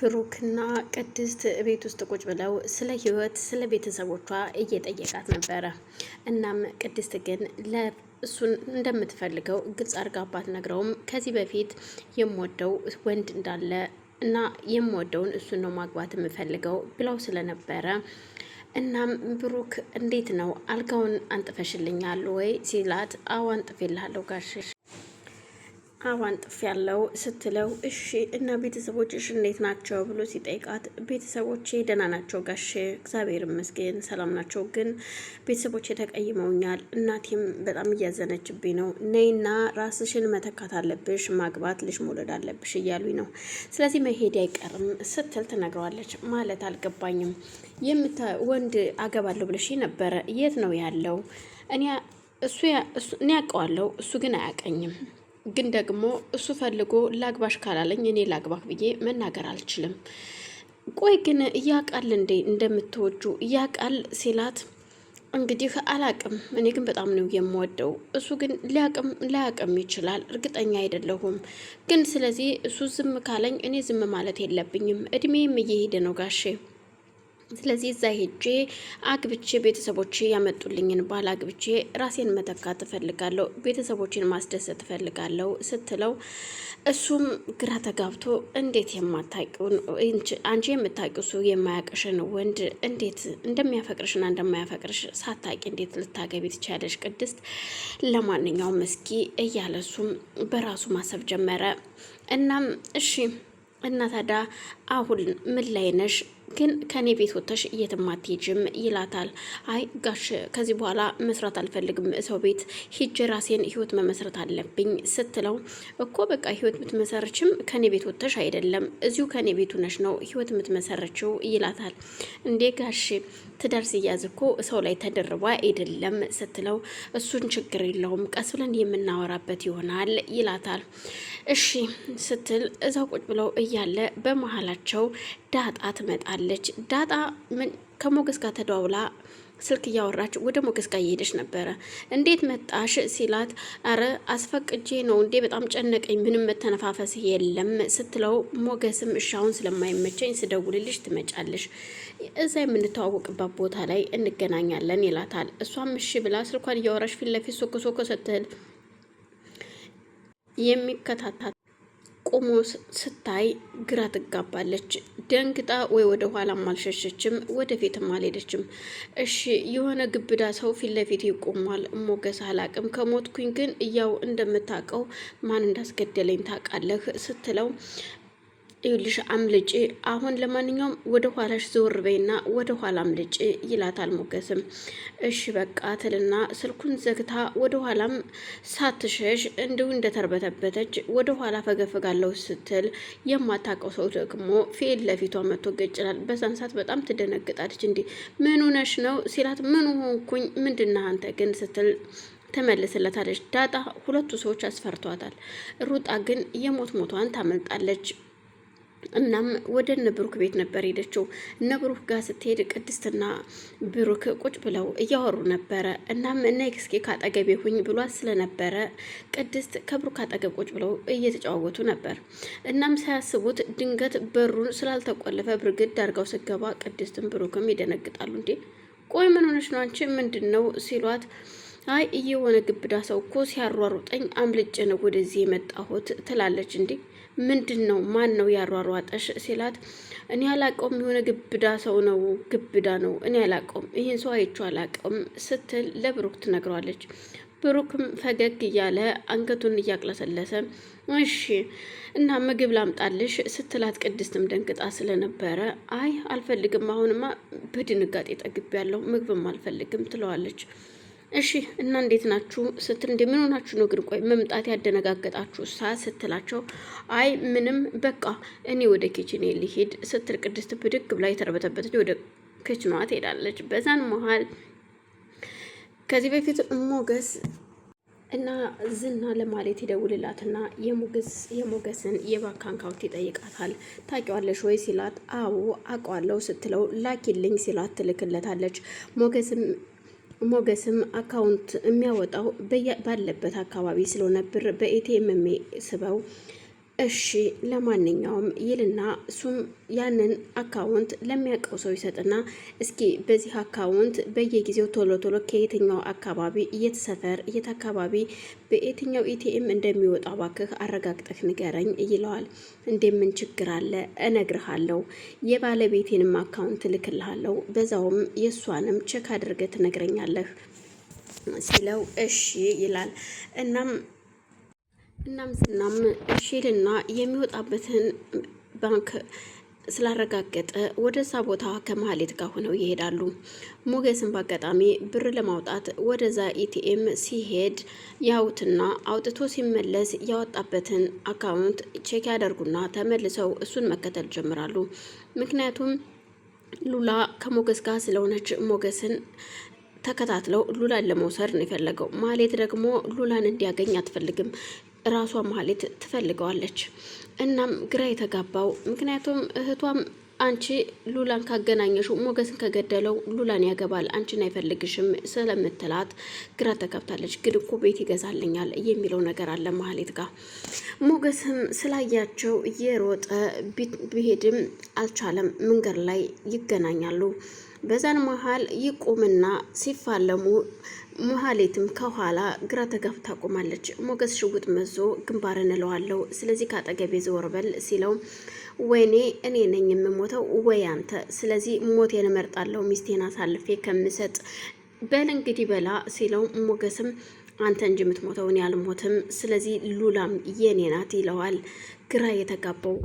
ብሩክና ቅድስት ቤት ውስጥ ቁጭ ብለው ስለ ህይወት፣ ስለ ቤተሰቦቿ እየጠየቃት ነበረ። እናም ቅድስት ግን እሱን እንደምትፈልገው ግልጽ አባት ነግረውም ከዚህ በፊት የምወደው ወንድ እንዳለ እና የምወደውን እሱን ነው ማግባት የምፈልገው ብለው ስለነበረ እናም ብሩክ እንዴት ነው አልጋውን አንጥፈሽልኛል ወይ ሲላት፣ አዎ አንጥፌልሃለሁ ጋሽ አዋን ጥፍ ያለው ስትለው እሺ እና ቤተሰቦችሽ እንዴት ናቸው ብሎ ሲጠይቃት ቤተሰቦቼ ደህና ናቸው ጋሼ፣ እግዚአብሔር ይመስገን ሰላም ናቸው፣ ግን ቤተሰቦቼ ተቀይመውኛል። እናቴም በጣም እያዘነችብኝ ነው። ነይና ራስሽን መተካት አለብሽ፣ ማግባት ልጅ መውለድ አለብሽ እያሉኝ ነው። ስለዚህ መሄድ አይቀርም ስትል ትነግረዋለች። ማለት አልገባኝም፣ የምታ ወንድ አገባለሁ ብለሽ ነበረ፣ የት ነው ያለው? እኔ እሱ እኔ ያውቀዋለሁ፣ እሱ ግን አያውቀኝም ግን ደግሞ እሱ ፈልጎ ላግባሽ ካላለኝ እኔ ላግባህ ብዬ መናገር አልችልም። ቆይ ግን ያቃል እንዴ እንደምትወጁ እያቃል ሲላት እንግዲህ አላቅም። እኔ ግን በጣም ነው የምወደው። እሱ ግን ሊያቅም ላያቅም ይችላል፣ እርግጠኛ አይደለሁም። ግን ስለዚህ እሱ ዝም ካለኝ እኔ ዝም ማለት የለብኝም። እድሜም እየሄደ ነው ጋሼ ስለዚህ እዛ ሄጄ አግብቼ ቤተሰቦቼ ያመጡልኝን ባል አግብቼ ራሴን መተካት እፈልጋለሁ፣ ቤተሰቦችን ማስደሰት እፈልጋለሁ ስትለው እሱም ግራ ተጋብቶ እንዴት የማታውቂውን አንቺ የምታውቂው እሱ የማያውቅሽን ወንድ እንዴት እንደሚያፈቅርሽና እንደማያፈቅርሽ ሳታውቂ እንዴት ልታገቢ ትቻለሽ ቅድስት? ለማንኛውም እስኪ እያለ እሱም በራሱ ማሰብ ጀመረ። እናም እሺ እና ታዲያ አሁን ምን ላይ ነሽ ግን ከኔ ቤት ወጥተሽ የትም አትሄጂም ይላታል። አይ ጋሽ ከዚህ በኋላ መስራት አልፈልግም ሰው ቤት ሂጅ፣ ራሴን ህይወት መመስረት አለብኝ ስትለው እኮ በቃ ህይወት የምትመሰርችም ከኔ ቤት ወጥተሽ አይደለም እዚሁ ከኔ ቤቱ ነሽ ነው ህይወት ምትመሰረችው ይላታል። እንዴ ጋሽ ትዳር ሲያዝ እኮ ሰው ላይ ተደርባ አይደለም ስትለው እሱን ችግር የለውም ቀስ ብለን የምናወራበት ይሆናል ይላታል። እሺ ስትል እዛው ቁጭ ብለው እያለ በመሀላቸው ዳጣ ትመጣል። አለች። ዳጣ ምን ከሞገስ ጋር ተደዋውላ ስልክ እያወራች ወደ ሞገስ ጋር እየሄደች ነበረ። እንዴት መጣሽ ሲላት፣ አረ አስፈቅጄ ነው እንዴ በጣም ጨነቀኝ፣ ምንም መተነፋፈስ የለም ስትለው፣ ሞገስም እሻውን ስለማይመቸኝ ስደውልልሽ ትመጫለሽ፣ እዛ የምንተዋወቅባት ቦታ ላይ እንገናኛለን ይላታል። እሷም እሺ ብላ ስልኳን እያወራች ፊት ለፊት ሶኮ ሶኮ ስትል የሚከታታ ቆሞ ስታይ ግራ ትጋባለች። ደንግጣ ወይ ወደ ኋላም አልሸሸችም፣ ወደፊትም አልሄደችም። እሺ የሆነ ግብዳ ሰው ፊት ለፊት ይቆሟል። ሞገስ አላቅም፣ ከሞትኩኝ ግን ያው እንደምታውቀው ማን እንዳስገደለኝ ታውቃለህ ስትለው ይኸውልሽ አምልጪ፣ አሁን ለማንኛውም ወደ ኋላሽ ዞር በይና ወደ ኋላ አምልጪ ይላታል ሞገስም። እሺ በቃ ትልና ስልኩን ዘግታ ወደ ኋላም ሳትሸሽ እንዲሁ እንደተርበተበተች ወደ ኋላ ፈገፈጋለሁ ስትል የማታውቀው ሰው ደግሞ ፊት ለፊቷ መጥቶ ገጭላል። በዛን ሰዓት በጣም ትደነግጣለች። እንዲህ ምን ሆነሽ ነው ሲላት፣ ምን ሆንኩኝ ምንድና አንተ ግን ስትል ተመልስለታለች። ዳጣ ሁለቱ ሰዎች አስፈርቷታል። ሩጣ ግን የሞት ሞቷን ታመልጣለች። እናም ወደ እነ ብሩክ ቤት ነበር ሄደችው። እነ ብሩክ ጋር ስትሄድ ቅድስትና ብሩክ ቁጭ ብለው እያወሩ ነበረ። እናም እነ ኤክስኬ ካጠገቤ ሁኝ ብሏት ስለነበረ ቅድስት ከብሩክ አጠገብ ቁጭ ብለው እየተጨዋወቱ ነበር። እናም ሳያስቡት ድንገት በሩን ስላልተቆለፈ ብርግድ አድርጋው ስገባ ቅድስትን ብሩክም ይደነግጣሉ። እንዴ ቆይ ምን ሆነች ነው አንቺ ምንድን ነው ሲሏት አይ እየሆነ ግብዳ ሰው እኮ ሲያሯሩጠኝ አምልጬ ነው ወደዚህ የመጣሁት ትላለች። እንዴ ምንድን ነው? ማን ነው ያሯሯጠሽ? ሲላት እኔ አላቀውም፣ የሆነ ግብዳ ሰው ነው ግብዳ ነው፣ እኔ አላቀውም፣ ይህን ሰው አይቼው አላቀውም ስትል ለብሩክ ትነግሯለች። ብሩክም ፈገግ እያለ አንገቱን እያቅለሰለሰ እሺ እና ምግብ ላምጣልሽ ስትላት ቅድስትም ደንግጣ ስለነበረ አይ አልፈልግም፣ አሁንማ በድንጋጤ ጠግቤያለሁ፣ ምግብም አልፈልግም ትለዋለች። እሺ እና እንዴት ናችሁ ስትል እንደ ምን ሆናችሁ ነው ግን ቆይ መምጣት ያደነጋገጣችሁ ሳ ስትላቸው፣ አይ ምንም በቃ እኔ ወደ ኪችኔ ሊሄድ ስትል ቅድስት ብድግ ብላ የተረበተበተች ወደ ክችኗ ትሄዳለች። በዛን መሀል ከዚህ በፊት ሞገስ እና ዝና ለማለት ይደውልላትና የሞገስን የባንክ አካውንት ይጠይቃታል። ታውቂዋለሽ ወይ ሲላት አዎ አውቀዋለሁ ስትለው ላኪልኝ ሲላት ትልክለታለች። ሞገስም ሞገስም አካውንት የሚያወጣው ባለበት አካባቢ ስለሆነ ብር በኤቲኤም ስበው እሺ ለማንኛውም ይልና እሱም ያንን አካውንት ለሚያውቀው ሰው ይሰጥና እስኪ በዚህ አካውንት በየጊዜው ቶሎ ቶሎ ከየትኛው አካባቢ የት ሰፈር የት አካባቢ በየትኛው ኢቲኤም እንደሚወጣ ባክህ አረጋግጠህ ንገረኝ ይለዋል። እንደምን ችግር አለ እነግርሃለሁ፣ የባለቤቴንም አካውንት ልክልሃለሁ፣ በዛውም የእሷንም ቼክ አድርገህ ትነግረኛለህ ሲለው እሺ ይላል። እናም እናም ዝናም እሺልና የሚወጣበትን ባንክ ስላረጋገጠ ወደዛ ቦታ ከመሀሌት ጋር ሆነው ይሄዳሉ። ሞገስን በአጋጣሚ ብር ለማውጣት ወደዛ ኢቲኤም ሲሄድ ያውትና አውጥቶ ሲመለስ ያወጣበትን አካውንት ቼክ ያደርጉና ተመልሰው እሱን መከተል ጀምራሉ። ምክንያቱም ሉላ ከሞገስ ጋር ስለሆነች ሞገስን ተከታትለው ሉላን ለመውሰድ ነው የፈለገው። ማሌት ደግሞ ሉላን እንዲያገኝ አትፈልግም። ራሷ መሀሌት ትፈልገዋለች። እናም ግራ የተጋባው ምክንያቱም እህቷም አንቺ ሉላን ካገናኘሽው ሞገስን ከገደለው ሉላን ያገባል አንቺን አይፈልግሽም ስለምትላት ግራ ተከብታለች። ግን እኮ ቤት ይገዛልኛል የሚለው ነገር አለ መሀሌት ጋር። ሞገስም ስላያቸው እየሮጠ ቢሄድም አልቻለም። መንገድ ላይ ይገናኛሉ። በዛን መሀል ይቁምና ሲፋለሙ መሀሌትም ከኋላ ግራ ተጋፍታ ቆማለች። ሞገስ ሽጉጥ መዞ ግንባር እንለዋለው፣ ስለዚህ ከአጠገቤ ዘወር በል ሲለው ወይኔ እኔ ነኝ የምሞተው ወይ አንተ? ስለዚህ ሞቴን እመርጣለሁ ሚስቴን አሳልፌ ከምሰጥ በል እንግዲህ በላ ሲለው ሞገስም አንተ እንጂ የምትሞተው እኔ አልሞትም፣ ስለዚህ ሉላም የኔ ናት ይለዋል። ግራ የተጋባው